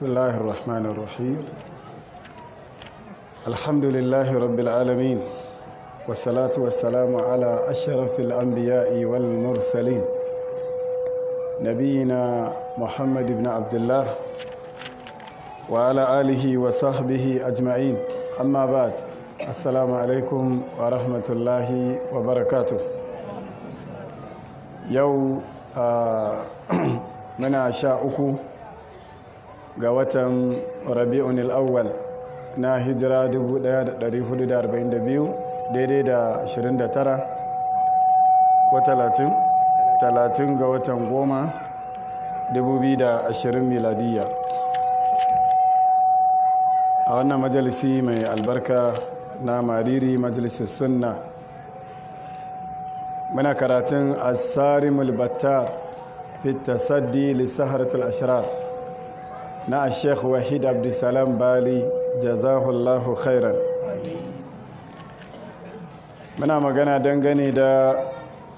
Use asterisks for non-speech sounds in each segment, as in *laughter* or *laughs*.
بسم الله الرحمن الرحيم الحمد لله رب العالمين والصلاة والسلام على أشرف الأنبياء والمرسلين نبينا محمد بن عبد الله وعلى آله وصحبه أجمعين أما بعد السلام عليكم ورحمة الله وبركاته يو آه منا شاء أكو ga watan rabi'un al'awwal na hijira 1442 daidai da 29 wa 30 30 ga watan goma 2020 miladiyya a wannan majalisi mai albarka na mariri majalisi sunna muna karatun asarimul battar fi tasaddi lissahartul ashirar na sheikh wahid abdulsalam bali jazahullahu khairan muna magana dangane da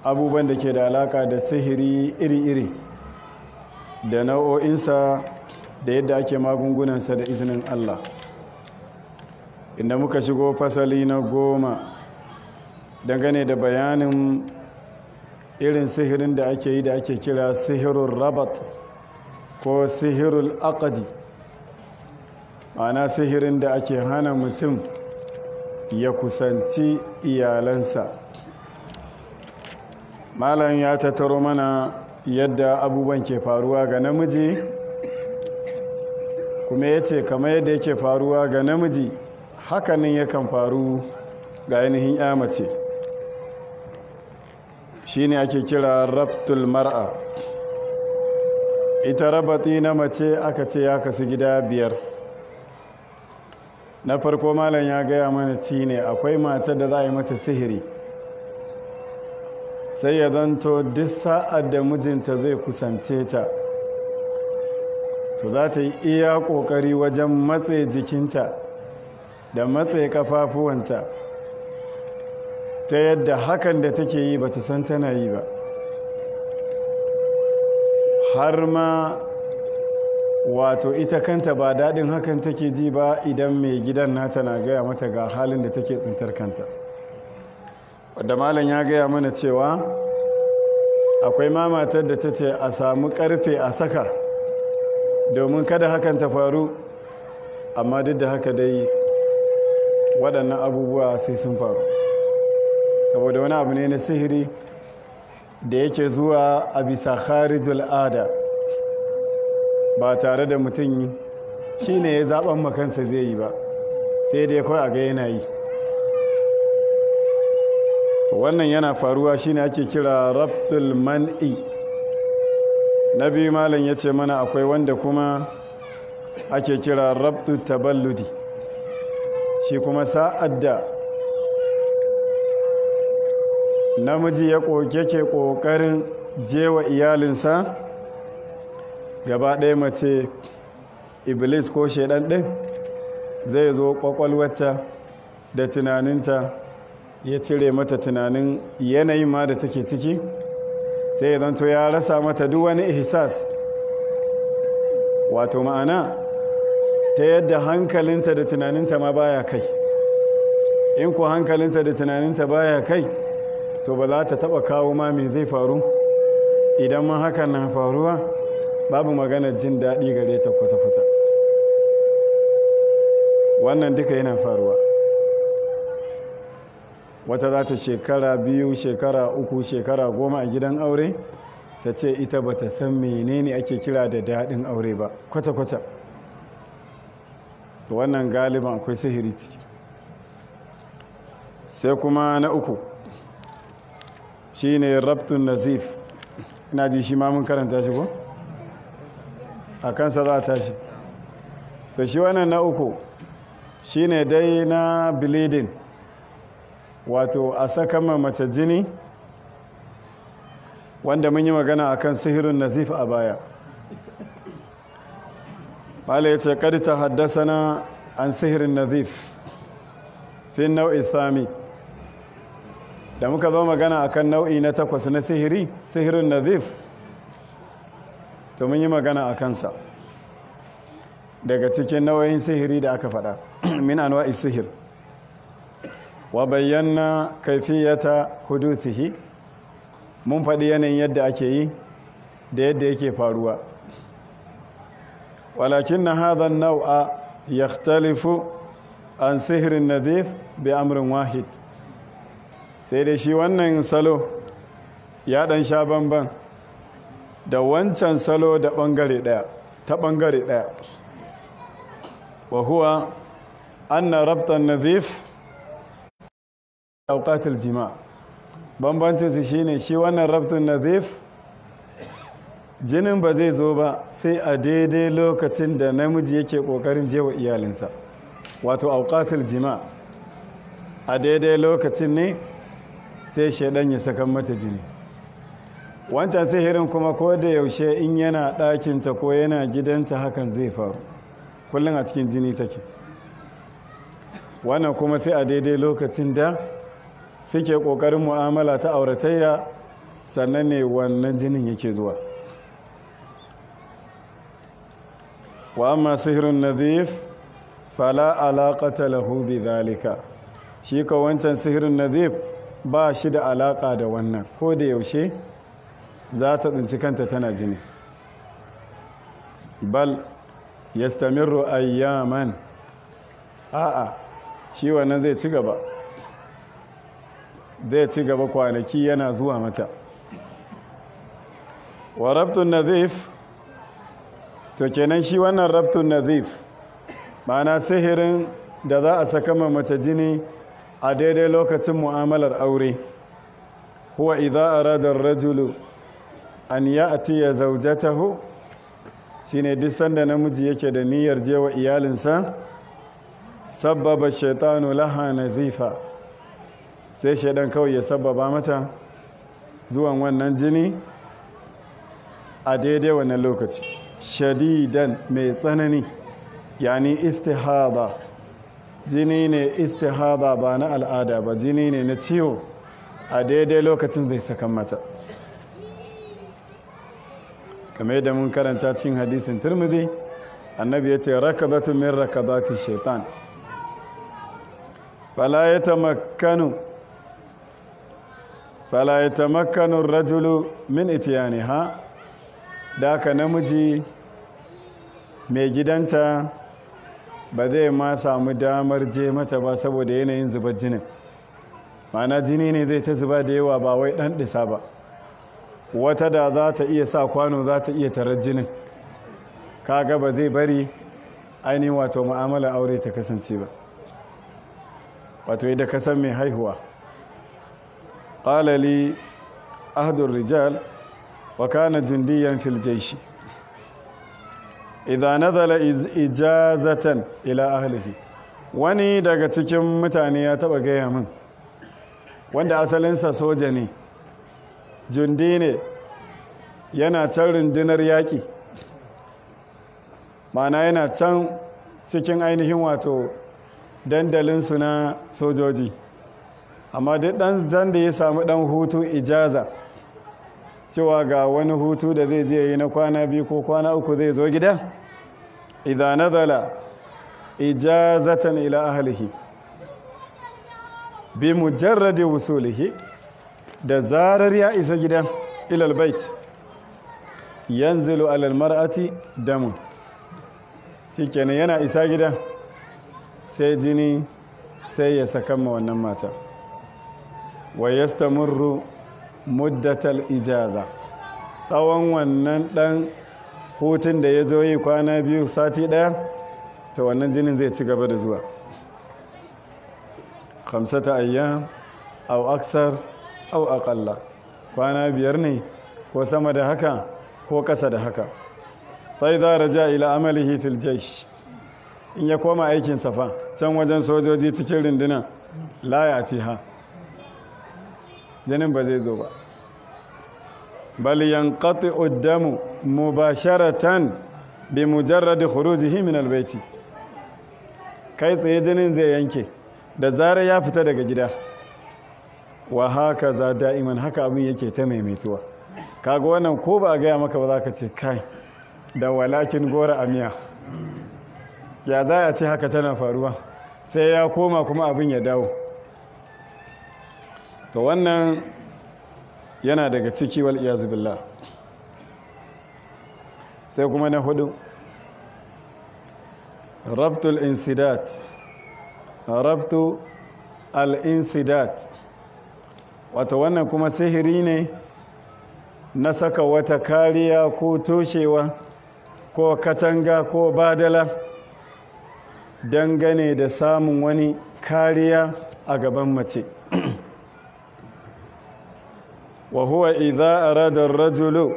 abubuwan da ke da alaka da sihiri iri-iri da nau'o'insa da yadda ake magungunansa da izinin allah inda muka shigo fasali na goma dangane da bayanin irin sihirin da ake yi da ake kira sihirin rabat ko sihirul aqadi ma'ana sihirin da ake hana mutum ya kusanci iyalansa malam ya tattaro mana yadda abubuwan ke faruwa ga namiji kuma ya ce kamar yadda yake faruwa ga namiji hakanin yakan faru ga ainihin ya Shi ne ake kira raptul mar'a ita rabati na mace aka ce ya kasu gida biyar na farko malam ya gaya mana ci ne akwai matar da za a yi mata sihiri sai ya zanto duk sa'ad da mijinta zai kusance ta to za ta yi iya ƙoƙari wajen matse jikinta da matse kafafuwanta ta yadda hakan da take yi ba ta san tana yi ba har ma wato ita kanta ba daɗin hakan take ji ba idan mai gidan nata na gaya mata ga halin da take tsintar kanta wadda malam ya gaya mana cewa akwai mamatar da ta ce a samu ƙarfe a saka domin kada hakan ta faru amma duk da haka dai waɗannan abubuwa sai sun faru saboda wani abu ne na sihiri da yake zuwa a bisa kharijul ada ba tare da mutum shi ne ya zaɓen makansa zai yi ba sai dai kawai a ga yana yi wannan yana faruwa shi ne ake kira raptul man'i na biyu malam ya ce mana akwai wanda kuma ake kira raptul taballudi shi kuma Sa'adda. namiji ya yake ƙoƙarin jewa iyalinsa gaba ɗaya mace iblis ko shaidan ɗin zai zo ƙwaƙwalwata da tunaninta ya cire mata tunanin yanayin ma da take ciki sai ya zanto ya rasa mata duk wani ihsas wato ma'ana ta yadda hankalinta da tunaninta ma baya kai in ku hankalinta da tunaninta baya kai to ba za ta taba kawo ma me zai faru idan ma hakan na faruwa babu magana jin daɗi gare ta kwata-kwata wannan duka yana faruwa wata za ta shekara biyu shekara uku shekara goma a gidan aure ta ce ita ba ta san menene ake kira da daɗin aure ba kwata-kwata wannan galiban akwai sihiri ciki sai kuma na uku shi ne rabtun nazif ina ji shi ma karanta shi ko a kansa za a tashi to shi wannan na uku shi ne dai na bleeding wato a saka mace jini wanda mun yi magana a kan sihirin nazif a baya bala ya ce kadi ta haddasa na an sihirin nazif fi nau'i thami da muka zo magana akan nau'i na takwas na sihiri sihirin nazif to mun yi magana a kansa daga cikin nau'in sihiri da aka faɗa *clears throat* min anwa'i sihir wa bayyana kaifiyata huduthihi mun faɗi yanayin yadda ake yi da yadda yake faruwa walakin na hadhan nau'a yakhtalifu an sihirin nadif bi amrin wahid sai dai shi wannan salo ya dan sha banban da wancan salo da bangare daya ta bangare daya wa huwa anna rabta nadhif awqatil jima bambancin su shine shi wannan rabtun nadhif jinin ba zai zo ba sai a daidai lokacin da namiji yake kokarin jewa iyalinsa wato awqatil jima a daidai lokacin ne sai shaidan ya sakan mata jini wancan sihirin kuma ko da yaushe in yana ɗakinta ko yana gidanta hakan zai faru kullum a cikin jini take wannan kuma sai a daidai lokacin da suke ƙoƙarin mu'amala ta auratayya sannan ne wannan jinin yake zuwa wa amma sihirin nazif fala alaƙa bi zalika shi ka wancan sihirin nazif ba shi da alaƙa da wannan ko da yaushe za ta tsinci kanta tana jini bal ya yastamirru ayyaman a'a shi wannan zai ci gaba zai ci gaba kwanaki yana zuwa mata wa rabtun nazif to kenan shi wannan rabtun nazif ma'ana sihirin da za a saka mace jini a daidai lokacin mu'amalar aure huwa idza arada ar-rajulu an hu. zawjatahu shine duk sanda namiji yake da niyyar jewa iyalinsa sabbaba shaitanu laha nazifa sai shaidan kawai ya sabbaba mata zuwa wannan jini a daidai wannan lokaci shadidan mai tsanani yani istihada jini ne istihada ba na al'ada ba jini ne na ciwo a daidai lokacin zai sakan mata kamar yadda mun karanta cin hadisin turmudi annabi ya ce rakazatu min rakazati shaitan fala ya rajulu min itiyani ha da aka namiji mai gidanta ba zai ma samu damar je mata ba saboda yanayin zubar jinin mana jini ne zai ta zuba da yawa ba wai ɗan ɗisa ba wata da za ta iya sa kwano za ta iya tarar jinin kaga ba zai bari ainihin wato ma'amala aure ta kasance ba wato yadda ka san mai haihuwa ƙalali ahdun rijal wa kana jundiyan fil jaishi idza nazala ijazatan ila ahlihi wani daga cikin mutane ya taba gaya min wanda asalinsa soja ne jundi ne yana can rundunar yaƙi mana yana can cikin ainihin wato dandalinsu na sojoji amma duk ɗan da ya samu ɗan hutu ijaza cewa ga wani hutu da zai je yi na kwana biyu ko kwana uku zai zo gida na nazala ijazatan ila ahlihi bi mujarradi wusulihi da zarar ya isa gida ila albayt yanzilu ala almar'ati damun shikenan yana isa gida sai jini sai ya sakamma wannan mata wa yastamurru muddatal ijaza tsawon wannan dan hutun da ya zo yi kwana biyu sati ɗaya ta wannan jinin zai ci gaba da zuwa kamsata ayyan au aksar au aƙalla kwana biyar ne ko sama da haka ko ƙasa da haka sai za a raja ila amalihi fil jaish in ya koma aikin safa can wajen sojoji cikin rundunar la ya ha jinin ba zai zo ba bal yanqati'u ad-damu mubasharatan bi mujarrad khurujihi min al-bayti kai tsaye jinin zai yanke da zara ya fita daga gida wa haka za da'iman haka abin yake ta maimaituwa kaga wannan ko ba a gaya maka ba za ka ce kai da walakin gora amiya ya za a ce haka tana faruwa sai ya koma kuma abin ya dawo to wannan yana daga ciki wal iyazubillah sai kuma na hudu rabtul insidat rabtu al-insidat wato wannan kuma sihiri ne na saka wata kariya ko toshewa ko katanga ko badala dangane da samun wani kariya a gaban mace Wahuwa huwa idza rajulu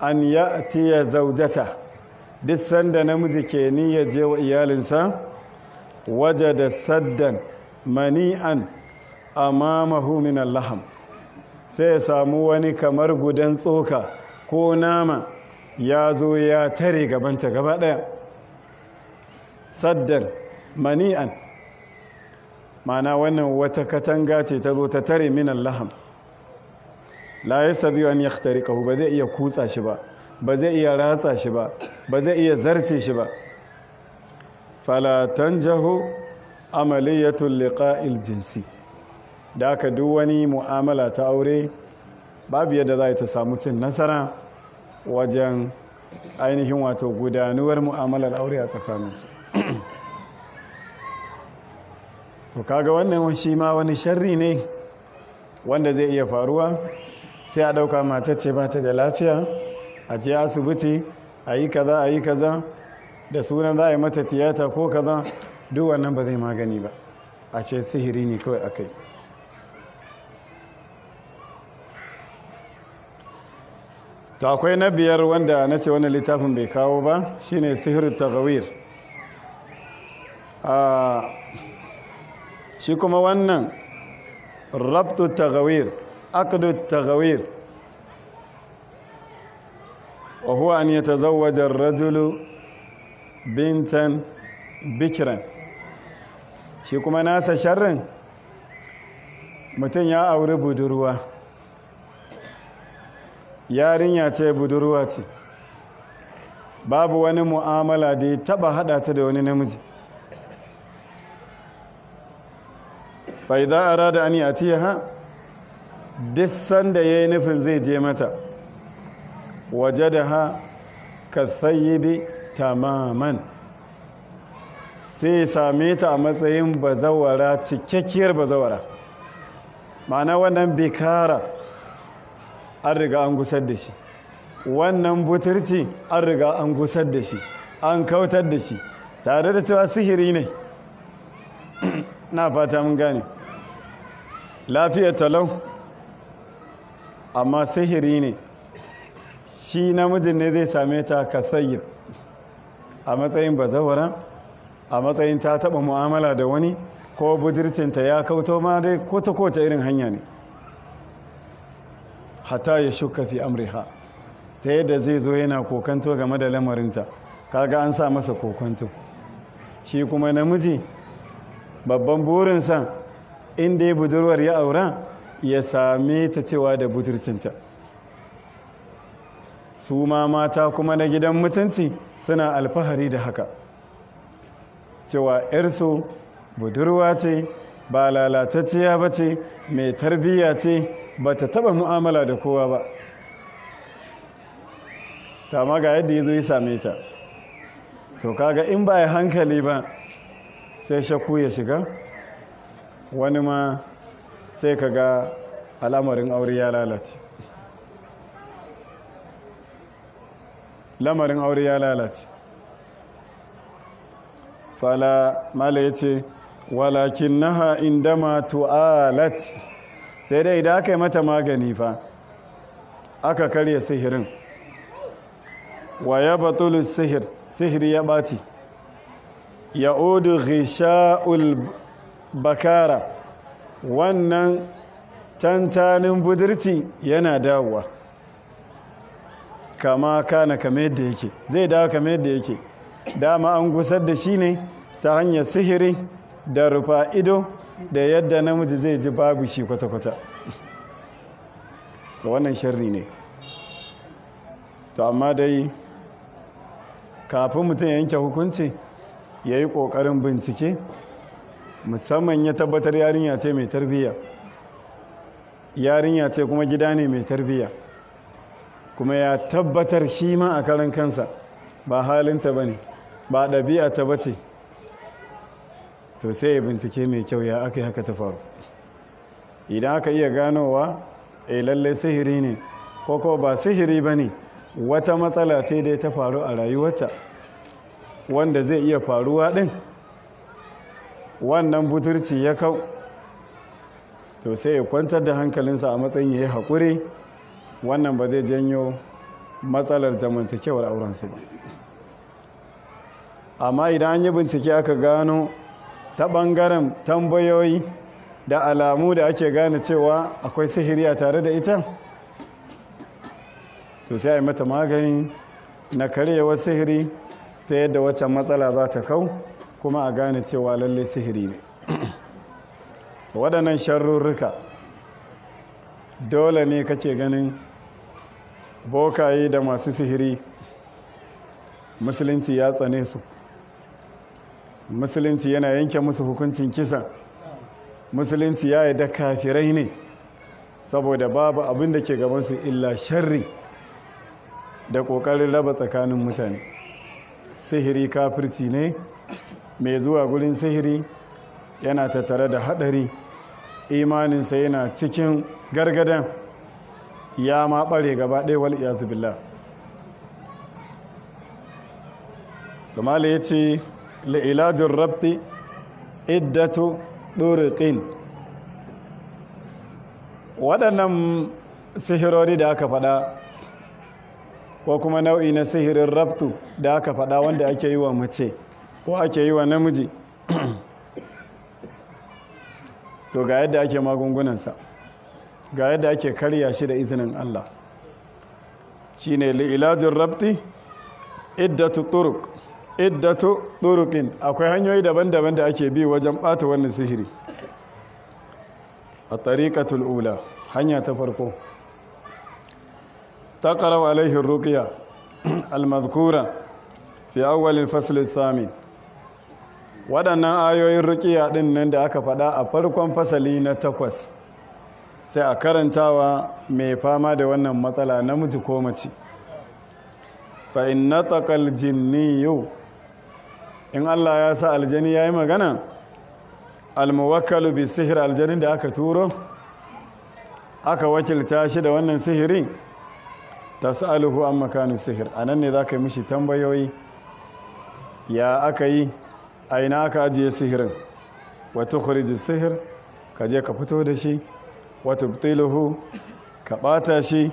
an ya'tiya zaujata, duk sanda namiji ke niyya je wa iyalinsa da saddan mani'an amamahu min al-laham sai ya samu wani kamar gudan tsoka ko nama ya zo ya tare gabanta gaba daya saddan mani'an mana wannan wata katanga ce ta zo ta tare min al-laham la sadu an yakhtariqahu ba zai iya kutsa shi ba ba zai iya ratsa shi ba ba zai iya zarce shi ba falatan jahu amaliyatul liqa'il jinsi da aka duk wani mu'amala ta aure babu yadda za ta samu cin nasara wajen ainihin wato gudanuwar mu'amalar aure a tsakaninsu to kaga wannan shi ma wani sharri ne wanda zai iya faruwa sai a ɗauka mata ce ba ta da lafiya a je asibiti a yi kaza a yi kaza da sunan za a yi mata tiyata ko kaza duk wannan ba zai magani ba a ce sihiri ne kawai akai to akwai na biyar wanda na ce wani littafin bai kawo ba shine sihirin tagawir shi kuma wannan rabtu tagawir aqdu at-taghawir wa huwa an yatazawwaja ar bintan bikiran shi kuma nasa sharrin mutum ya auri budurwa yarinya ce budurwa ce babu wani mu'amala da ya taɓa haɗa ta da wani namiji fa'iza a rada ani a tiya ha duk sanda ya yi nufin zai je mata waje da ha ka bi tamaman sai ya same ta a matsayin bazawara cikakkiyar bazawara ma'ana wannan bikara an riga an gusar da shi wannan buturci an riga an gusar da shi an kautar da shi tare da cewa sihiri ne *clears throat* na fata mun gane lafiyar talau amma sihiri ne shi namijin ne zai same ta ka a matsayin bazawara a matsayin ta taba mu'amala da wani ko budurcinta ya kauto ma dai kota kowace irin hanya ne hata ya shuka fi amriha ta yadda zai zo yana kokanto game da lamarinta kaga an sa masa kokanto shi kuma namiji babban burinsa inda ya budurwar ya aura ya same ta cewa da buturcinta su ma mata kuma na gidan mutunci suna alfahari da haka cewa 'yarsu budurwa ce ba lalatacciya ba ce mai tarbiyya ce ba ta taba mu'amala da kowa ba ta ma ga yadda ya zo ya same ta to kaga in ba ya hankali ba sai shakku ya shiga wani ma sai ka ga al'amarin aure ya lalace lamarin aure ya lalace fala mala ya ce walakin naha indama tu'alat sai dai idan aka yi mata magani fa aka karya sihirin wa ya batulun sihir sihiri ya ɓaci ya odu ghisha'ul bakara wannan tantanin budurci yana dawowa kama kana kame yadda yake zai dawo kame yadda yake dama an gusar da shi ne ta hanyar sihiri da rufa ido da yadda namiji zai ji babu shi kwata-kwata ta wannan sharri ne to amma dai kafin mutum yanke hukunci ya yi ƙoƙarin bincike musamman ya tabbatar yarinya ce mai tarbiyya yarinya ce kuma gida ne mai tarbiyya kuma ya tabbatar shi ma a karan kansa ba halinta ba ne ba ɗabi'a ta ba ce to sai ya bincike mai kyau ya aka yi haka ta faru idan aka iya ganowa e lallai sihiri ne ko ko ba sihiri ba ne wata matsala ce da ta faru a rayuwarta wanda zai iya faruwa ɗin wannan buturci ya kau to sai ya kwantar da hankalinsa a matsayin ya yi haƙuri wannan ba zai janyo matsalar zamantakewar aurensu ba amma idan an yi bincike aka gano ta ɓangaren tambayoyi da alamu da ake gane cewa akwai sihiri a tare da ita to sai a yi mata magani na karyewar sihiri ta yadda waccan matsala za ta kau kuma a gane cewa lallai sihiri ne waɗannan sharrurruka dole ne kake ganin bokaye da masu sihiri musulunci ya tsane su musulunci yana yanke musu hukuncin kisan. musulunci ya yi da kafirai ne saboda babu abin da ke gabansu illa sharri da ƙoƙarin raba tsakanin mutane sihiri kafirci ne mai zuwa gurin sihiri yana tattare da haɗari imaninsa yana cikin gargadan ya ma ɓare gaba ɗaya wal iyazu billah ya ce la'ilajin rabti iddatu ɗoriƙin waɗannan sihirori da aka faɗa ko kuma nau'i na sihirin rabtu da aka faɗa wanda ake yi wa mace ko ake yi wa namiji to ga yadda ake magungunansa ga yadda ake karya shi da izinin Allah shi ne li'ilajin rabti iddatu turuk iddatu turukin akwai hanyoyi daban-daban da ake bi wajen bata wannan sihiri a tariƙatul ula hanya ta farko تقرأ عليه rukiya المذكورة fi awwalin faslin samin waɗannan ayoyin rukiya ɗin nan da aka faɗa a farkon fasali na takwas sai a karantawa mai fama da wannan matsala namiji ko mace fa'in na taƙal yau in allah ya sa aljani ya yi magana almuwakkalu sihir aljani da aka turo aka wakilta shi da wannan sihirin tas'aluhu an makanu sihir a nan ne za ka yi mishi tambayoyi ya aka yi a ina aka ajiye sihirin wata kuriji sihir ka je ka fito da shi wata butiluhu ka ɓata shi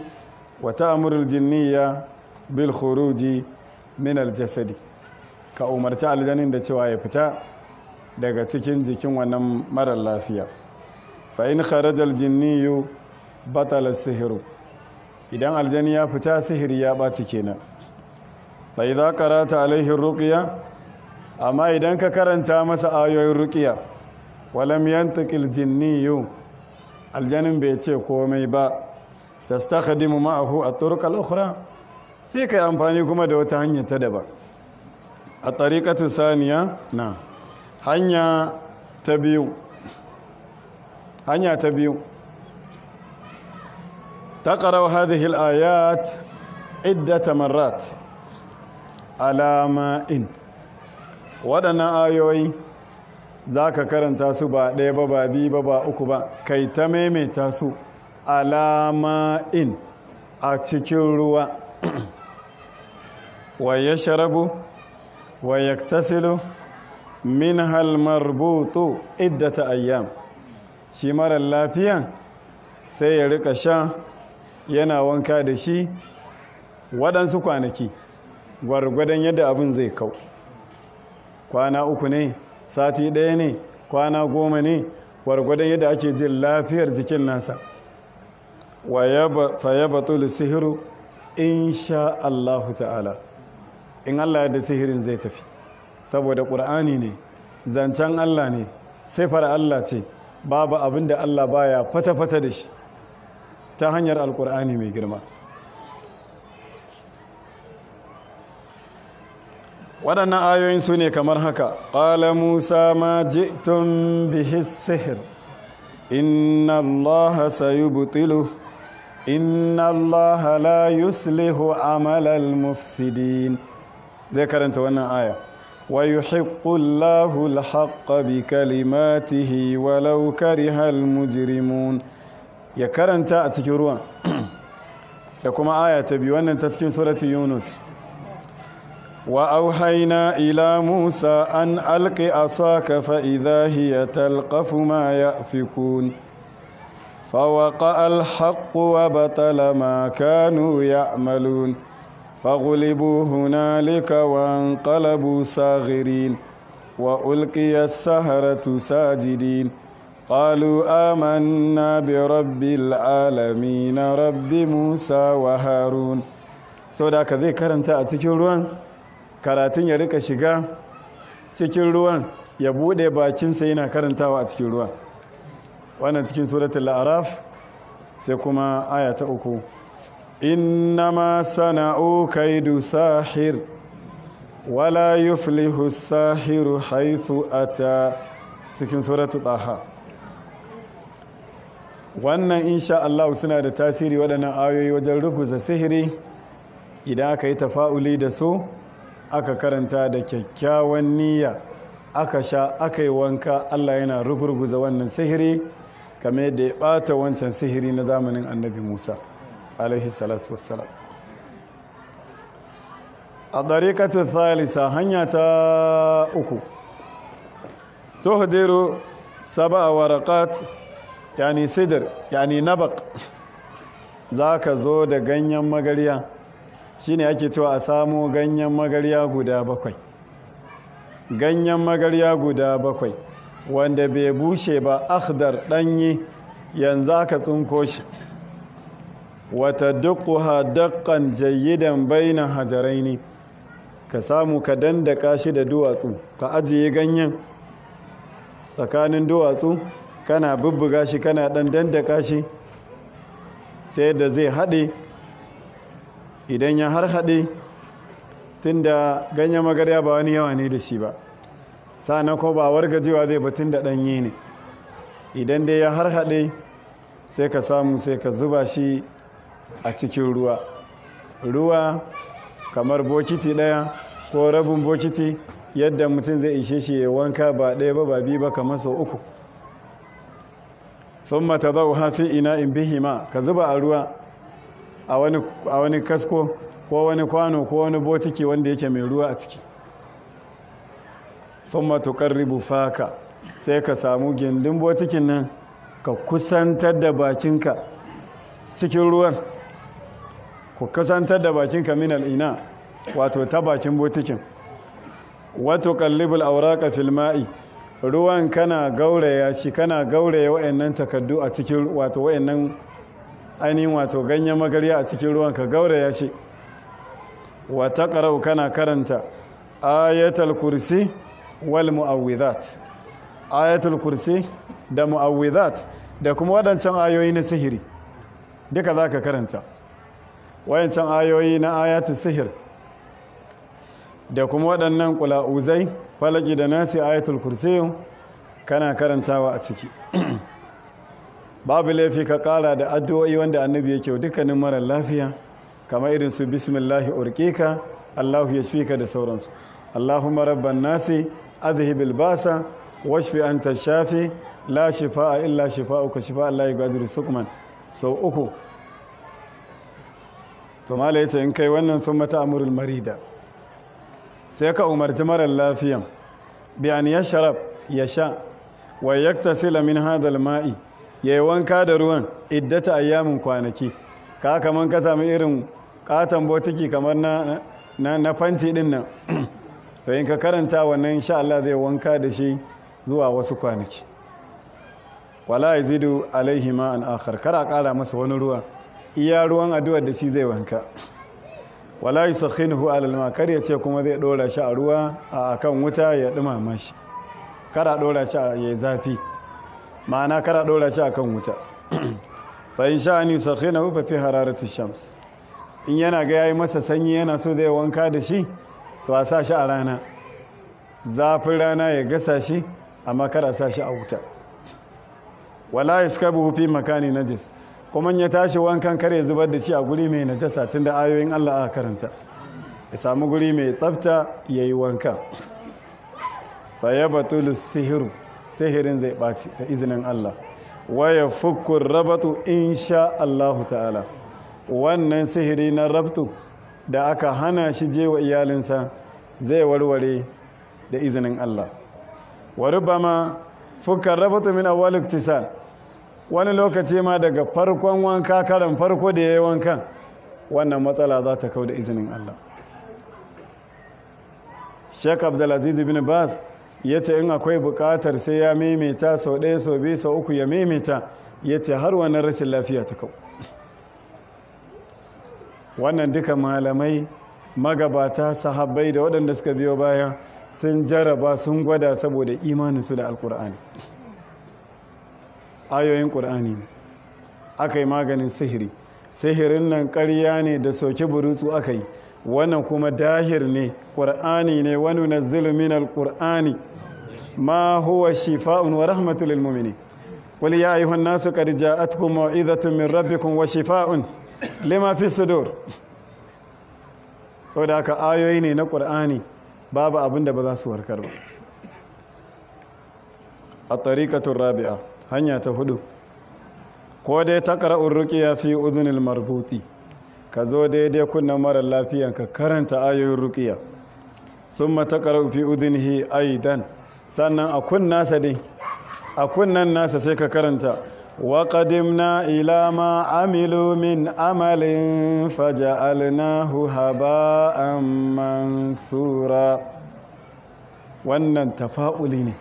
wata amurul jinniya bil khuruji min aljasadi ka umarci aljanin da cewa ya fita daga cikin jikin wannan marar lafiya fa in kharaja aljinniyu batala sihiru idan aljani ya fita sihiri ya ɓaci kenan bai za karata alaihin rukiya amma idan ka karanta masa ayoyin rukiya walam yantakil jinniyu aljanin bai ce komai ba ta stakhadimu ma'ahu a turkal ukhra sai ka yi amfani kuma da wata hanya ta daba a tariƙatu saniya na hanya ta biyu تقرأ هذه الآيات عدة مرات على ماء ودنا آيوي ذاك كرن تاسو با دي بابا بي بابا أكبا كي تميمي تاسو على ماء أتكروا ويشرب ويكتسل منها المربوط عدة أيام شمار اللافيان sai ya rika sha yana wanka da shi waɗansu kwanaki gwargwadon yadda abin zai kau kwana uku ne sati ɗaya ne kwana goma ne gwargwadon yadda ake jin lafiyar jikin nasa fa ya batul sihiru sha Allahu ta'ala in Allah da sihirin zai tafi saboda ƙur'ani ne zancen Allah ne sifar Allah ce babu abin da Allah baya fata-fata da shi ta hanyar alkur'ani mai girma waɗannan ayoyin su ne kamar haka ƙala musa ma tun bihi sihir inna allaha sayubtilu inna allaha la yuslihu amalal mufsidin zai karanta wannan aya wa yuhiqqu allahu al bi kalimatihi walau karihal mujrimun ya karanta a cikin ruwan *clears throat* da kuma aya ta biyu wannan ta cikin suratun yunus wa auhaina ila musa an alki asaka fa hiya talqafu ma yafikun fawaka alhaqu wa batala ma kanu ya'malun faghlibu hunalika wanqalabu saghirin wa ulqiya as-saharatu sajidin قالوا آمنا برب العالمين رب موسى وهارون saboda haka zai karanta a cikin ruwan karatun ya rika shiga cikin ruwan ya bude bakinsa yana karantawa a cikin ruwan wannan cikin suratul la'araf sai kuma aya ta uku innama sana'u kaidu sahir wala yuflihu sahiru haythu ata cikin suratul taha wannan insha Allah suna da tasiri waɗannan ayoyi wajen ruguza sihiri idan aka yi tafa'uli da su aka karanta da kyakkyawan niyya aka sha aka yi wanka Allah yana rugurguza wannan sihiri kame da ya ɓata wancan sihiri na zamanin annabi Musa alaihi salatu wassalam a ɗarikatu thalisa hanya ta uku tuhdiru saba'a waraqat yani sidir yani nabak za ka zo da ganyen magarya shine ake cewa a samu ganyen magarya guda bakwai ganyen magarya guda bakwai wanda bai bushe ba akhdar ɗanye yanzu aka tsinko shi wata duqquha dakkan jayyidan hajarai ne ka samu ka dandaka shi da duwatsu ka ajiye ganyen tsakanin duwatsu kana bubbuga shi kana ɗan dandaka shi ta yadda zai haɗe idan ya har haɗe tun da ganyen magarya ba wani yawa ne da shi ba sa'an ko ba wargajewa zai ba tun da ɗanye ne idan dai ya har haɗe sai ka samu sai ka zuba shi a cikin ruwa ruwa kamar bokiti ɗaya ko rabin bokiti yadda mutum zai ishe shi ya wanka ba ɗaya ba ba biyu ba kamar sau uku sun mata hafi ina in bihi bihima ka zuba a ruwa a wani kasko ko wani kwano ko wani botiki wanda yake mai ruwa a ciki sun mata tuqarribu faka sai ka samu gindin botikin nan ka kusantar da bakinka cikin ruwan ku kusantar da bakinka min al'ina wato ta bakin botikin wato kallibul auraka fil ma'i ruwan kana gauraya shi kana gauraya wa'annan takaddu a cikin wato wa'annan ainihin wato ganyen magarya a cikin ruwan ka gauraya shi wa taqra'u kana karanta ayatul kursi wal mu'awwidhat ayatul kursi da mu'awwidhat da kuma waɗancan ayoyi na sihiri duka zaka karanta wayancan ayoyi na ayatul sihir da kuma waɗannan kula'uzai falaki da nasi ayatul kursiyu kana karantawa a ciki *clears throat* babu laifi ka ƙara da addu'o'i wanda annabi yake dukkanin mara lafiya kamar irin su bismillahi urkika allahu ya ka da sauransu allahumma rabban nasi azihi basa washfi ta shafi la shifa'a illa shifa'uka shifa'a la yughadiru sukman sau uku to mala ce in kai wannan sun mata amurul marida sai ka umarci marar lafiyan bi an ya sharab ya sha wa yaktasila min hadal ma'i ya yi wanka da ruwan iddata ayyamin kwanaki ka kaman ka sami irin katon botiki kamar na fanti din nan *clears throat* to in ka karanta wannan insha Allah zai wanka da shi zuwa wasu kwanaki wala ya zidu alaihima an akhar kara kara masa wani ruwa iya ruwan addu'ar da shi zai wanka wala yi sakhin hu kar ya ce kuma zai dora shi a ruwa a kan wuta ya dumama shi kara dora shi ya zafi ma'ana kara dora shi kan wuta *clears throat* fa sha ni sakhin hu fafi hararati shams in yana ga yayi masa sanyi yana so zai wanka da shi to a sa shi a rana zafin rana ya gasa shi amma kar a sa shi a wuta wala yaskabuhu fi makani najis kuma ya tashi wankan kare zubar da shi a guri mai najasa tun da ayoyin Allah a karanta ya samu guri mai tsafta ya yi wanka fayabatulu sihiru sihirin zai ɓaci da izinin Allah waya fukur rabatu insha Allahu ta'ala wannan sihiri na rabtu da aka hana shi je wa iyalinsa zai warware da izinin Allah wa rubama rabatu min awwal iktisal wani lokaci ma daga farkon wanka karan farko da ya yi wankan wannan matsala za ta kau da izinin Allah sheik abdulaziz bin bas ya ce in akwai bukatar sai ya maimaita sau ɗaya sau biyu sau uku ya maimaita ya ce har wannan rashin lafiya ta kau wannan duka malamai magabata sahabbai da waɗanda suka biyo baya sun jaraba sun gwada saboda imaninsu da alkur'ani ayoyin ƙur'ani ne aka yi maganin sihiri sihirin nan ƙarya ne da soke burutsu aka yi wannan kuma dahir ne ƙur'ani ne wani na zulumin alƙur'ani ma huwa shifa'un wa rahmatul mu'mini wani ya ayyuhan nasu qad ja'atkum maw'izatun min rabbikun wa shifa'un lima fi sau da aka ayoyi ne na ƙur'ani babu abin da ba za su warkar ba a tarikatun rabi'a hanya ta hudu ko dai ta ƙara'un ruƙiya fi uzunil marbuti ka zo daidai kunna mara lafiyan ka karanta ayoyin rukiya sun mata ƙara'un fi uzunihi aidan sannan a nasa din a kunnan nasa sai ka karanta waƙadimna ilama amilu min amalin faja'alnahu haba'an mansura wannan tafa'uli ne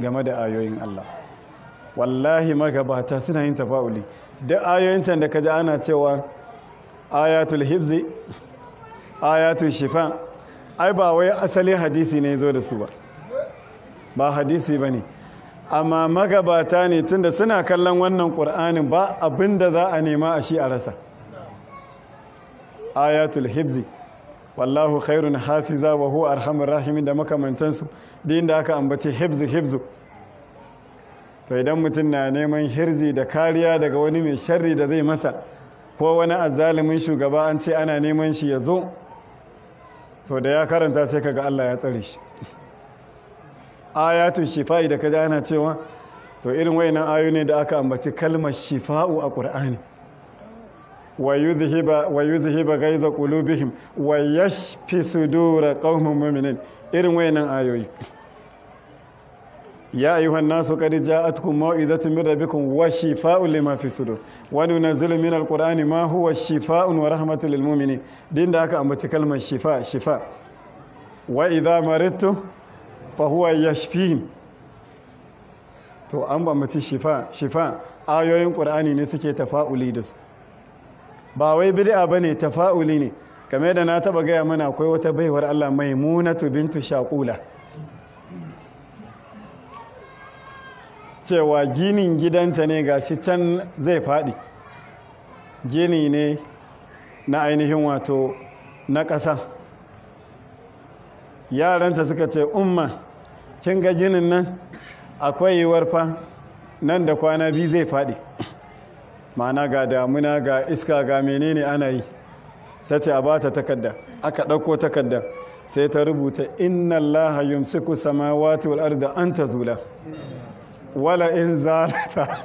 game da ayoyin Allah wallahi magabata suna yin tafa'uli duk ayoyin can da ka ji ana cewa ayatul hibzi ayatul shifa ai ba wai asali hadisi ne zo da su ba ba hadisi ba ne amma magabata ne tunda suna kallon wannan ƙur'anin ba abin da za a nema a shi a rasa ayatul hibzi wallahu khairun hafiza wa hu arhamur rahimin da makamantansu din da aka ambace hibzu hibzu to idan mutum na neman hirzi da kariya daga wani mai sharri da zai masa ko wani azalimin shugaba an ce ana neman shi ya zo to da ya karanta sai kaga Allah ya tsare shi ayatu shifa'i da kaji ana cewa to irin wayannan ayoyi ne da aka ambaci kalmar shifa'u a Qur'ani wa yuzhiba wa yuzhiba ghaiza qulubihim wa su sudura qaumin mu'minin irin wayannan ayoyi يا أيها الناس قد جاءتكم موعظة من ربكم وشفاء لما في الصدور وننزل من القرآن ما هو شفاء ورحمة للمؤمنين دين داك أم كلمة شفاء شفاء وإذا مرضت فهو يشفين to an bambaci shifa shifa ayoyin qur'ani ne suke tafa'uli da su ba wai bid'a bane tafa'uli ne game da na taba gaya mana akwai wata baiwar Allah maimunatu bintu shaqula cewa ginin gidanta ne ga shi can zai faɗi gini ne na ainihin wato na ƙasa yaranta suka ce umma kin ga ginin nan akwai yiwuwar fa nan da kwana biyu zai faɗi mana ga damuna ga iska ga menene ana yi ta ce a bata takarda aka ɗauko takarda sai ta rubuta inna allaha yumsiku samawati wal arda an ta zula wala in zanata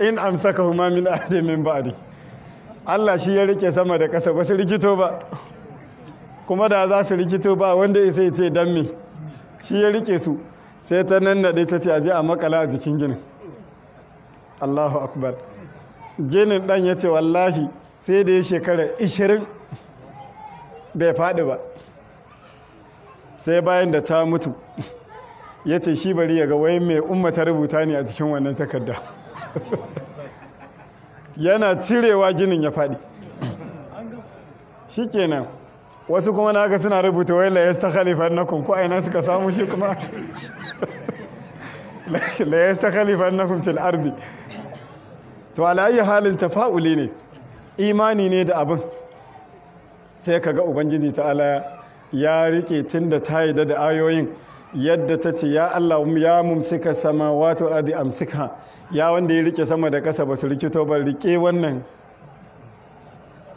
in amsaka huma min ahadin min ba'di Allah shi ya rike sama da ƙasa ba su rikito ba kuma da za su rikito ba wanda ya sai ce dan me shi ya rike su sai ta nan nade ta ce aje a makala a jikin ginin Allahu akbar ginin dan ya ce wallahi sai da ya shekara 20 bai faɗi ba sai bayan da ta mutu ya ce shi bari ya ga wai mai umma ta rubuta ne a cikin wannan takarda yana cirewa ginin ya faɗi shikenan wasu kuma na haka suna rubuta wai layas ta khalifar na kun ko aina suka samu shi kuma layas ta khalifar na kun fil ardi to alayi halin tafa'uli ne imani ne da abin sai ka ga ubangiji ta'ala ya rike tun da ta yi da ayoyin yadda ta ce ya Allah ya mumsika sama wato adi amsika ya wanda ya rike sama da kasa ba su rikito ba rike wannan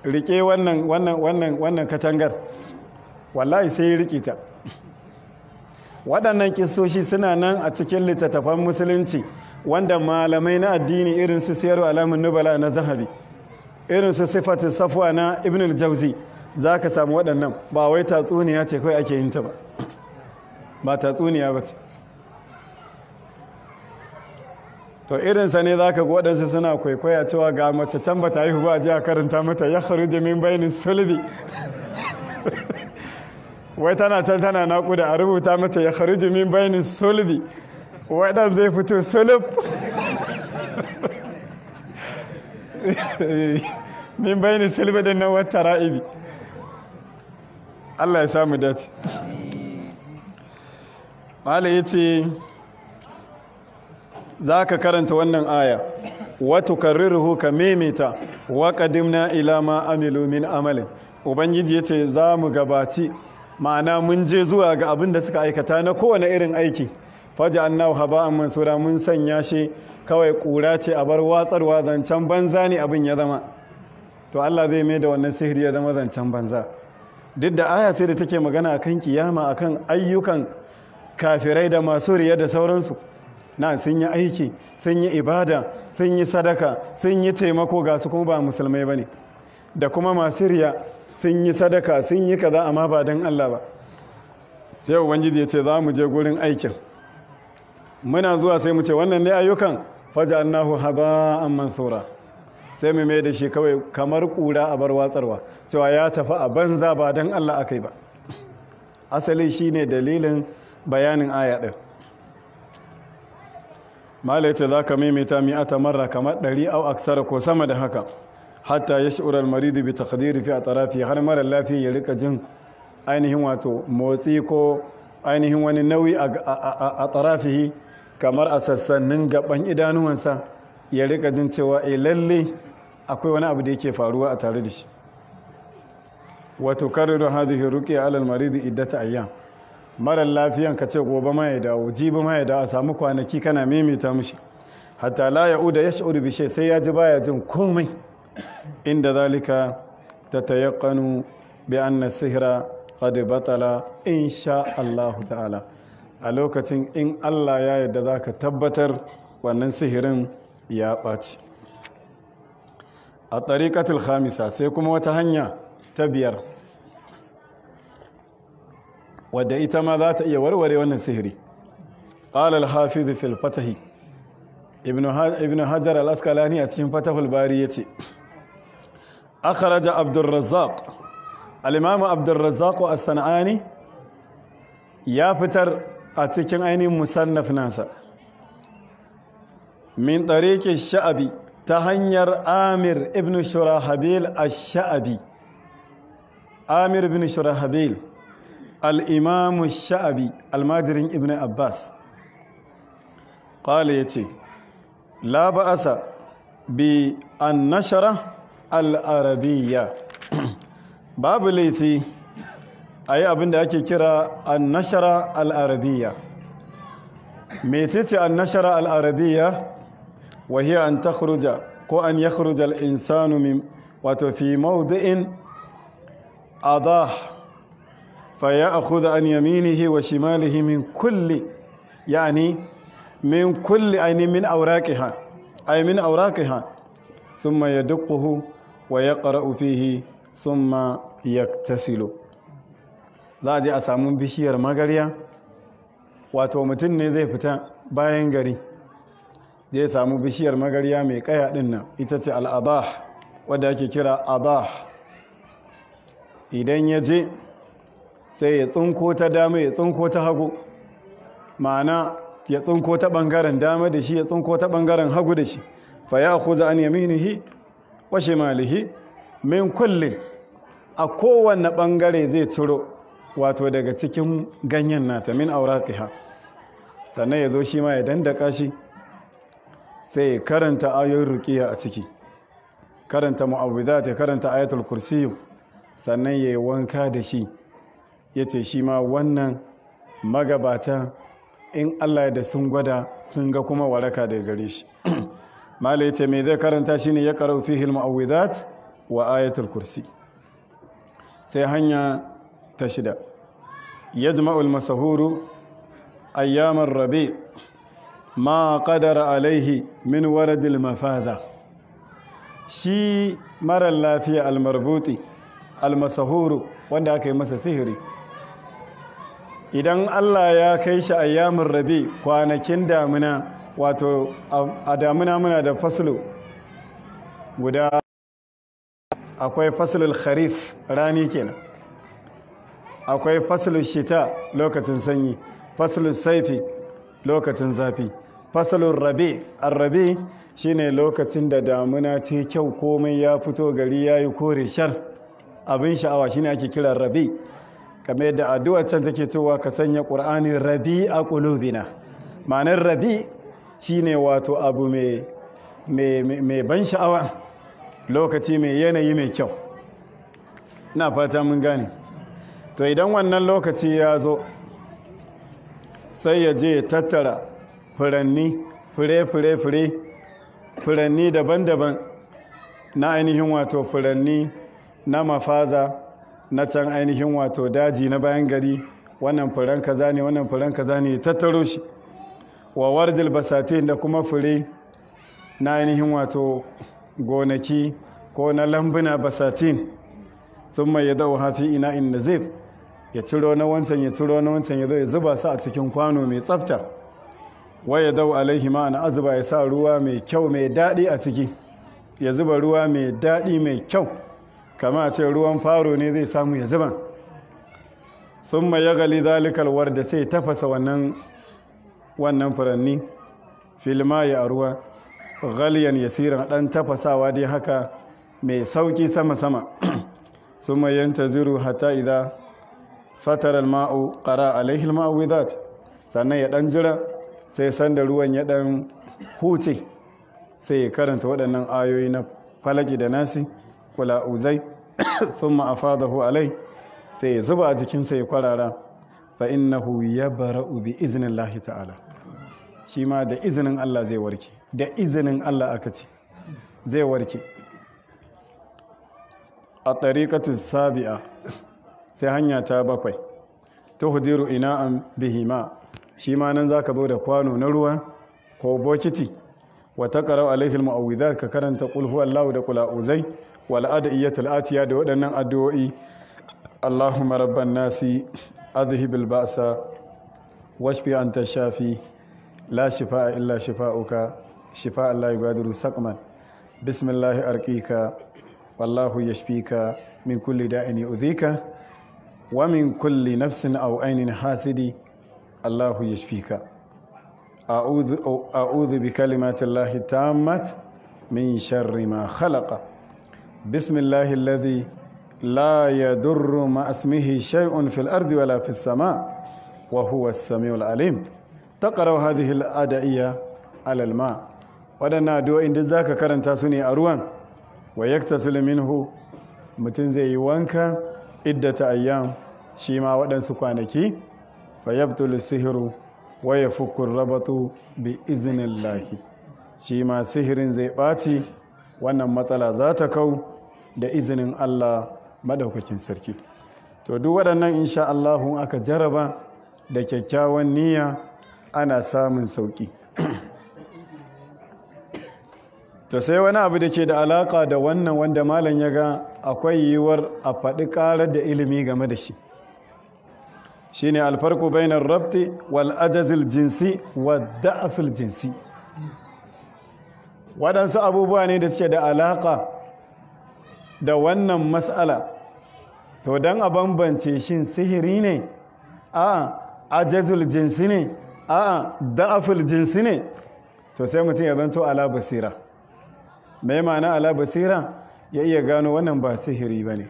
rike wannan wannan wannan wannan katangar wallahi sai ya rike ta waɗannan kisoshi suna nan a cikin littattafan musulunci wanda malamai na addini irin su siyar alamun nubala na zahabi irin su sifatin safuwa na ibn al-jauzi za ka samu waɗannan ba wai tatsuniya ce kai ake yin ta ba ba tatsuniya ba ce to irinsa ne za ka waɗansu suna kwaikwaya cewa ga mace can ba ta yi ba a ji a karanta mata ya kharuje min bayanin sulbi *laughs* wai tana can tana naƙuda a rubuta mata ya kharuje min bayanin sulbi wai ɗan zai fito sulub *laughs* min bayanin sulbi din nan wata ra'ibi Allah ya samu dace mala ya ce za ka karanta wannan aya wata karriruhu ka memeta wa ƙadimna ilama amilu min amalin ubangiji ya ce za mu gabaci ma'ana mun je zuwa ga abin da suka aikata na kowane irin aiki faji an nawa an mansura mun sanya shi kawai ƙura ce a bar watsarwa zancen banza ne abin ya zama to allah zai mai da wannan sihiri ya zama zancen banza duk da aya ce da take magana akan kiyama akan ayyukan kafirai da masu riya da sauransu na sun yi aiki sun yi ibada sun yi sadaka sun yi taimako ga su kuma ba musulmai ba ne da kuma masu riya sun yi sadaka sun yi kaza amma ba don allah ba sai ubangiji ya ce za mu je gurin aikin muna zuwa sai mu ce wannan ne ayyukan faja annahu an mansura sai mu mai da shi kawai kamar kura a bar watsarwa cewa ya tafi a banza ba don allah yi ba asali shine dalilin bayanin aya ɗin mala za ka maimaita mi'ata marra kamar ɗari au aksara ko sama da haka hatta yash'ura al-marid bi taqdiri fi atrafi har mara lafiya ya rika jin ainihin wato motsi ko ainihin wani nauyi a tarafihi kamar a sassanin gaban idanuwansa ya rika jin cewa a eh, lalle akwai wani abu da yake faruwa a tare da shi wato karirin ya ruƙe alal maridi idata ayyam marar lafiyan ka ce gobe ma ya dawo jibi ma ya dawo a samu kwanaki kana mimita mushi. hatta la ya uda ya shi'ur bishe sai ya ji baya jin komai inda zalika ta tayaqqanu bi anna sihra qad batala insha Allah ta'ala a lokacin in Allah ya yarda zaka tabbatar wannan sihirin ya ɓaci a tariƙatul khamisa sai kuma wata hanya ta biyar wadda ita ma za ta iya warware wannan sihiri ƙalal hafizu fil fatahi ibn hajar al-askalani a cikin fatahul bari ya ce akharaja abdurrazzaq al-imamu a as-sanani ya fitar a cikin ainihin musannaf nasa min tariqi sha'abi ta hanyar amir ibn shurahabil a shaabi amir ibn shurahabil al'imamu sha'abi almajirin ibn abbas ƙwale ya ce la ba'asa bi an nashara al'arabiya *clears throat* babu laifi a yi ake kira an nashara al'arabiya mecece an nashara al'arabiya wahiyar an ta ko an ya insanu min wato fi maudu'in adah faya a kudu an yaminihi wa shimalihi min kulli yani min kulli aini min auraki ha aini min auraki ha sun ma ya dukkuhu wa ya ƙara ufihi sun ma ya silo. za a ji a samun bishiyar magariya wato mutum ne zai fita bayan gari zai samu bishiyar magariya mai kaya ɗin nan ita ce al'adah wadda ake kira adah idan ya je sai ya tsinko ta dama ya tsinko ta hagu ma'ana ya tsinko ta bangaren dama da shi ya tsinko ta bangaren hagu da shi fa ya khuza an yaminihi washe malihi min kullin a kowane bangare zai ciro wato daga cikin ganyen nata min auraqiha sannan ya zo shi ma ya dandaka shi sai karanta ayoyin rukiya a ciki karanta mu'awwidat ya karanta ayatul kursiyu sannan yayi wanka da shi ya ce shi ma wannan magabata in allah da sun gwada sun ga kuma waraka daga gare shi *clears throat* mala ya ce mai zai karanta shi ne ya karau a wizat wa ayatul kursi sai hanya ta shida ya jima'ul masahuru ayyamar rabe ma kadara alaihi min waradil mafaza shi marar lafiya almarbuti almasahuru wanda aka yi masa sihiri idan Allah ya kai shi ayyamin rabi kwanakin damina wato a damina muna da faslu guda akwai faslul kharif rani kenan akwai faslul shita lokacin sanyi faslul saifi lokacin zafi faslul rabi shine lokacin da damina ta kyau komai ya fito gari yayi kore shar abin sha'awa shine ake kira rabi kamar da addu'ar can take cewa ka sanya ƙur'ani rabi a ƙulubina ma'anar rabi shine wato abu mai ban sha'awa lokaci mai yanayi mai kyau na fata mun gane to idan wannan lokaci ya zo sai ya je tattara furanni fure-fure-fure furanni daban-daban na ainihin wato furanni na mafaza na can ainihin wato daji na bayan gari wannan furen kaza ne wannan furen kaza ne tattaro shi wa wardil basatin da kuma fure na ainihin wato gonaki ko na lambuna basatin sun mai yadda hafi ina in nazif ya ciro na wancan ya ciro na wancan ya zo ya zuba su a cikin kwano mai tsafta Wa ya dau alaihi ma ana azuba ya sa ruwa mai kyau mai daɗi a ciki ya zuba ruwa mai daɗi mai kyau kama ce ruwan faro ne zai samu ya zuba sun ya gali zalikal da sai tafasa wannan wannan furanni filma ya ruwa galiyan yasiran dan tafasawa dai haka mai sauki sama-sama sun *clears throat* yanta ziru hata idha fataral ma'u ƙara alaihil ma'u without sannan ya ɗan jira sai sanda ruwan ya ɗan huce sai ya karanta waɗannan ayoyi na falaki da nasi kula'uzai sun *coughs* hu alai sai ya zuba a jikinsa ya kwarara fa innahu ya bara ubi izinin lahi ta'ala shi ma da izinin Allah zai warke da izinin Allah aka ce zai warke a tarikatun sabi'a sai hanya ta bakwai ta hudiru ina'an bihima shi ma nan za ka zo da kwano na ruwa ko bokiti wata alaihi alaihil za ka karanta lau da kula'uzai wal'ada'iyyatul atiya da waɗannan addu’o’i allahumma rabban nasi adhibil ba'sa washfi anta shafi la shifa'a illa shifa'uka shifa'a la yugadiru saqman bismillah arqika wallahu yashfika min kulli da'in yu'dhika wa min kulli nafsin aw ainin hasidi allahu yashfika a'udhu a'udhu bi kalimatillahit tammat min sharri ma khalaqa bismillah alladhi la yadurru ma asmihi shay'un fil ardi wala fis sama wa huwa as-sami'ul alim taqra hadhihi al-adaiya ala al-ma wadanna zaka karanta su ne a ruwan wa yaktasil mutum zai yi wanka iddat ayyam shi ma wadansu kwanaki Fayabdul sihiru, wa yafukku ar-rabtu bi iznillah shi ma sihirin zai ɓaci? wannan matsala za ta kau? da izinin Allah madaukakin sarki to duk waɗannan insha hun aka jaraba da kyakkyawan niyya ana samun sauki *clears throat* to sai wani abu da ke da alaƙa da wannan wanda malam ya ga akwai yiwuwar a faɗi ƙarar da ilimi game da shi Shi ne alfarku bainar rabti wal ajazil jinsi wa da'afil jinsi waɗansu abubuwa ne da suke da alaƙa. da wannan matsala to don a bambance shin sihiri ne a ajazul jinsi ne a da'aful jinsi ne to sai mutum ya zanto ala basira mai mana ala basira ya iya gano wannan ba sihiri ba ne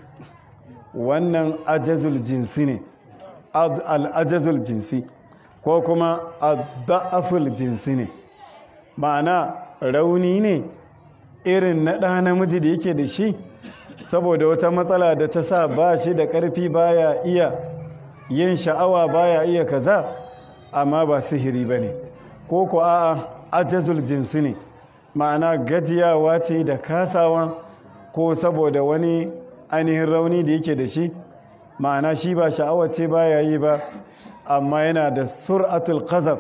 wannan ajazul jinsi ne al'ajazul jinsi ko kuma da'aful jinsi ne ma'ana rauni ne irin na ɗa namiji da yake da shi saboda wata matsala da ta sa ba shi da ƙarfi baya iya yin sha'awa baya iya kaza amma ba sihiri ba ne ko ku a'a ajazul jinsi ne ma'ana gajiyawa ce da kasawa ko saboda wani ainihin rauni da yake da shi ma'ana shi ba sha'awa ce baya yi ba amma yana da sur'atul qazaf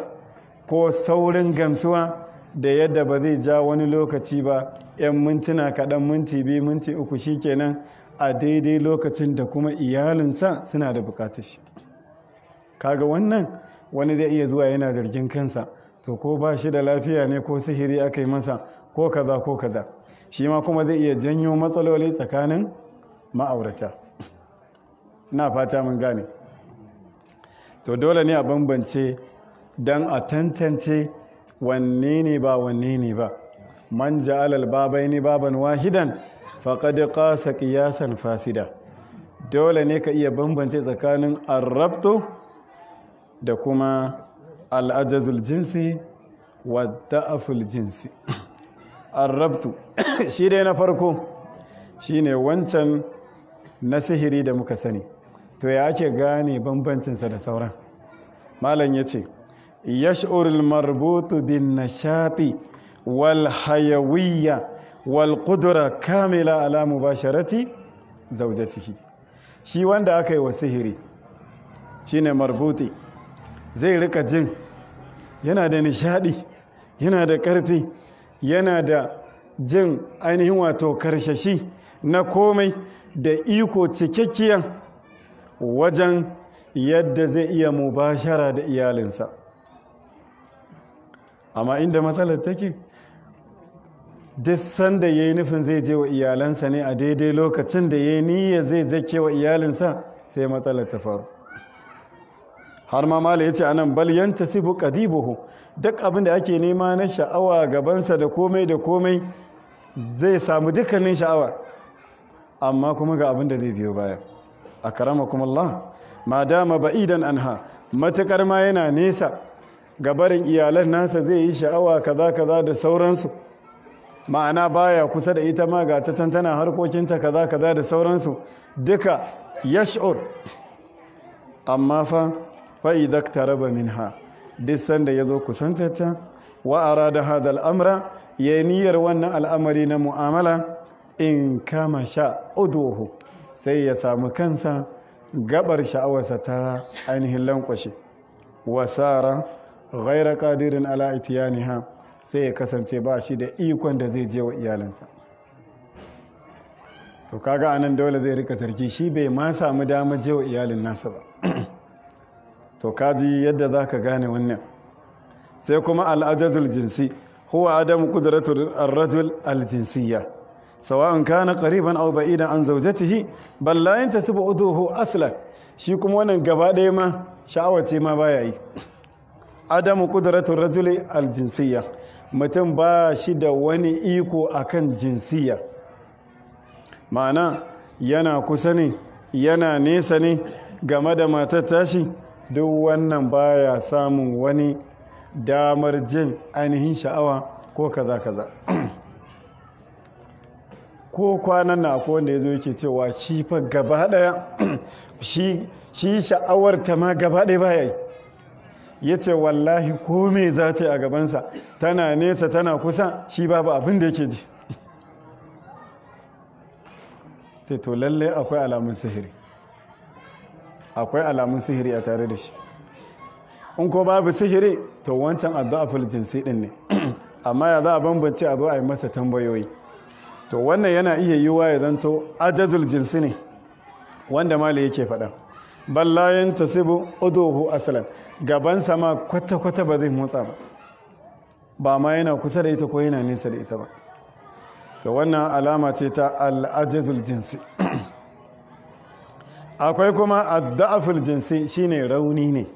ko saurin gamsuwa da yadda ba zai ja wani lokaci ba 'yan mintuna kaɗan minti biyu minti uku shi kenan a daidai lokacin da kuma iyalinsa suna da bukatar shi kaga wannan wani zai iya zuwa yana zargin kansa to ko ba shi da lafiya ne ko sihiri aka yi masa ko kaza ko kaza shi ma kuma zai iya janyo matsaloli tsakanin ma'aurata na fata mun gane to dole ne a bambance don a tantance wanne ne ba wanne ne ba man alal babai baban wahidan faqad qasa qiyasan fasida dole ne ka iya bambance tsakanin arrabtu da kuma al'ajazul jinsi wa da'aful jinsi arrabtu *coughs* shi dai na farko shine wancan na sihiri da muka sani to ya ake gane bambancinsa da sauran malam yace ce yash'urul marbutu bin nashati walhayawiyya walƙudura kamila ba sharati zaujatihi shi wanda aka yi wa sihiri shine marbuti zai rika jin yana da nishadi yana da ƙarfi yana da jin ainihin wato karshashi na komai da iko cikakkiya wajen yadda zai iya mubashara da iyalinsa amma inda matsalar take duk sanda ya yi nufin zai je wa iyalansa ne a daidai lokacin da ya yi niyya zai zake wa iyalinsa sai matsalar ta faru har ma mala ya ce a nan bal yanta sibu kadibuhu duk abin da ake nema na sha'awa gabansa da komai da komai zai samu dukkanin sha'awa amma kuma ga abin da zai biyo baya a karama kuma Allah ma dama ba'idan anha matukar ma yana nesa gabarin iyalan nasa zai yi sha'awa kaza kaza da sauransu ma'ana baya kusa da ita ma ga ta can tana harkokinta kaza kaza da sauransu duka yash'ur amma fa raba taraba minha duk sanda ya zo kusantarta wa'ara da hada al'amra ya yi niyyar wannan al'amari na mu'amala in kama sha uduhu sai ya samu kansa gabar sha'awarsa ta ainihin lankwashe wasara ghaira kadirin ala itiyaniha sai ya kasance ba shi da ikon da zai je wa iyalinsa to kaga anan dole zai rika sarki shi bai ma samu dama je wa iyalin nasa ba *clears throat* to kaji yadda za ka gane wannan sai kuma al'ajazul jinsi huwa adam kudratul arrajul aljinsiyya al kana qariban aw ba'idan an zawjatihi bal la yantasibu uduhu aslan shi kuma wannan gaba ɗaya ma sha'awace ma baya yi *clears throat* adamu kudratul rajuli Aljinsiyya. mutum ba shi da wani iko akan jinsiya ma'ana yana kusa ne yana nesa ne game da matar tashi duk wannan baya samun wani damar jin ainihin sha'awa ko kaza kaza *clears throat* ko kwanan na akwai wanda ya zo yake cewa shi fa gaba daya *clears throat* shi sha'awar ta ma gaba daya baya yi ya ce wallahi ko za ta yi a gabansa tana nesa tana kusa shi babu abin da yake ji *laughs* sai to lallai akwai alamun sihiri akwai alamun sihiri a tare da shi in ko babu sihiri to wancan addu'aful jinsi din ne *clears throat* amma ya za a bambance a zo a yi masa tambayoyi to wannan yana iya yiwuwa ya zanto ajazul jinsi ne wanda mali yake faɗa ballayen ta sibu uduhu asalan Gaban sama kwata-kwata ba zai motsa ba ba ma yana kusa da ita ko yana nesa da ita ba to wannan alama ce ta al'ajazul jinsi *clears throat* akwai kuma adda'aful jinsi shine rauni ne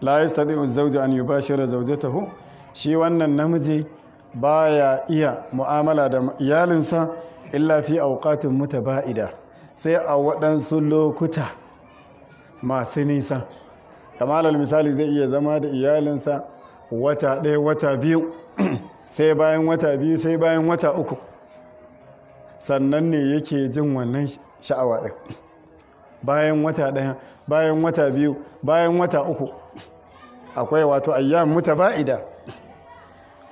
la yastati'u zawju an yubashira zawjatahu shi wannan namiji baya iya mu'amala da iyalinsa illa fi auqatin mutaba'ida sai a waɗansu lokuta masu nisa kamalar misali zai iya zama da iyalinsa wata ɗaya wata biyu *clears throat* sai bayan wata biyu sai bayan wata uku sannan ne yake jin wannan sha'awa ɗin bayan wata ɗaya bayan wata biyu bayan wata uku akwai wato ayyam ba'ida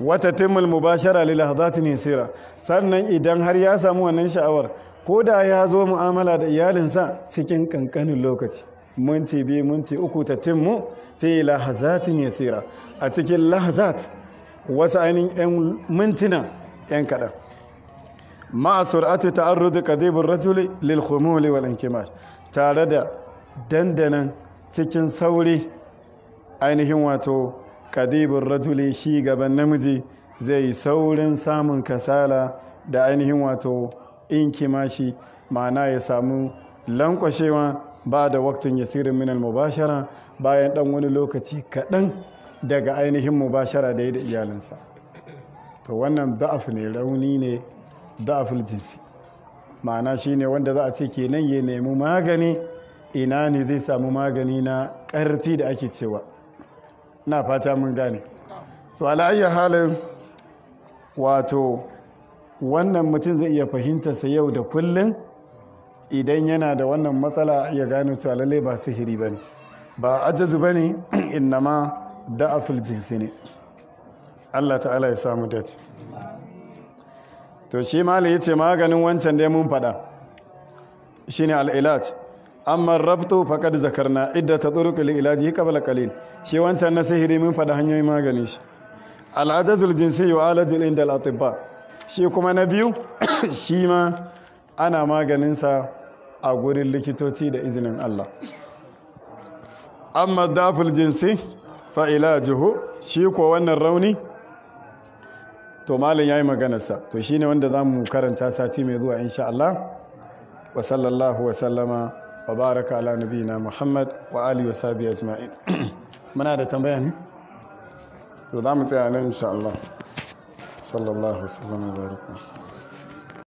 wata timul mubashara lil lahzatin yasira sannan idan har ya samu wannan sha'awar ko da ya zo mu'amala da iyalinsa cikin kankanin lokaci minti biyu minti uku ta timmu fi lahazatin yasira a cikin lahazat wasu ainihin 'yan mintuna 'yan kaɗan ma'a an rudu kadibin rajuli lil khumuli wal inkimash tare da dandanan cikin sauri ainihin wato kadibin rajuli shi gaban namiji zai saurin samun kasala da ainihin wato In kimashi ma'ana ya samu lankwashewa ba da waktin yasirin minal mubashara bayan dan wani lokaci kaɗan daga ainihin mubashara da ya da iyalinsa to wannan da'af ne rauni ne da'aful jinsi ma'ana shi ne wanda za a ce kenan ya nemi magani ina ne zai samu magani na ƙarfi da ake cewa na fata mun gane su alayya halin wato wannan mutum zai iya fahimtarsa yau da kullum idan yana da wannan matsala ya gano cewa lalle ba sihiri ba ne ba ajazu ba ne *clears throat* ma da'aful jinsi ne allah ta'ala ya samu dace to shi malai ya ce maganin wancan dai mun faɗa shi ne al'ilat amma rabto faƙad zakarna idda ta tsurukul ilaji kabla kalil shi wancan na sihiri mun faɗa hanyoyin magani shi al'ajazul jinsi yu'alajul inda al'atibba shi kuma na biyu *coughs* shi ma ana maganinsa a gurin likitoci da izinin Allah amma daful jinsi fa'ila jihu shi ko wannan rauni to malin ya yi maganarsa to shi ne wanda za mu karanta sati mai zuwa insha Allah wa sallallahu wa sallama wa baraka ala nabiyina muhammad wa ali wa sabi ajma'in *coughs* muna da tambaya ne to za mu tsaya nan insha Allah sallallahu alaihi wasallam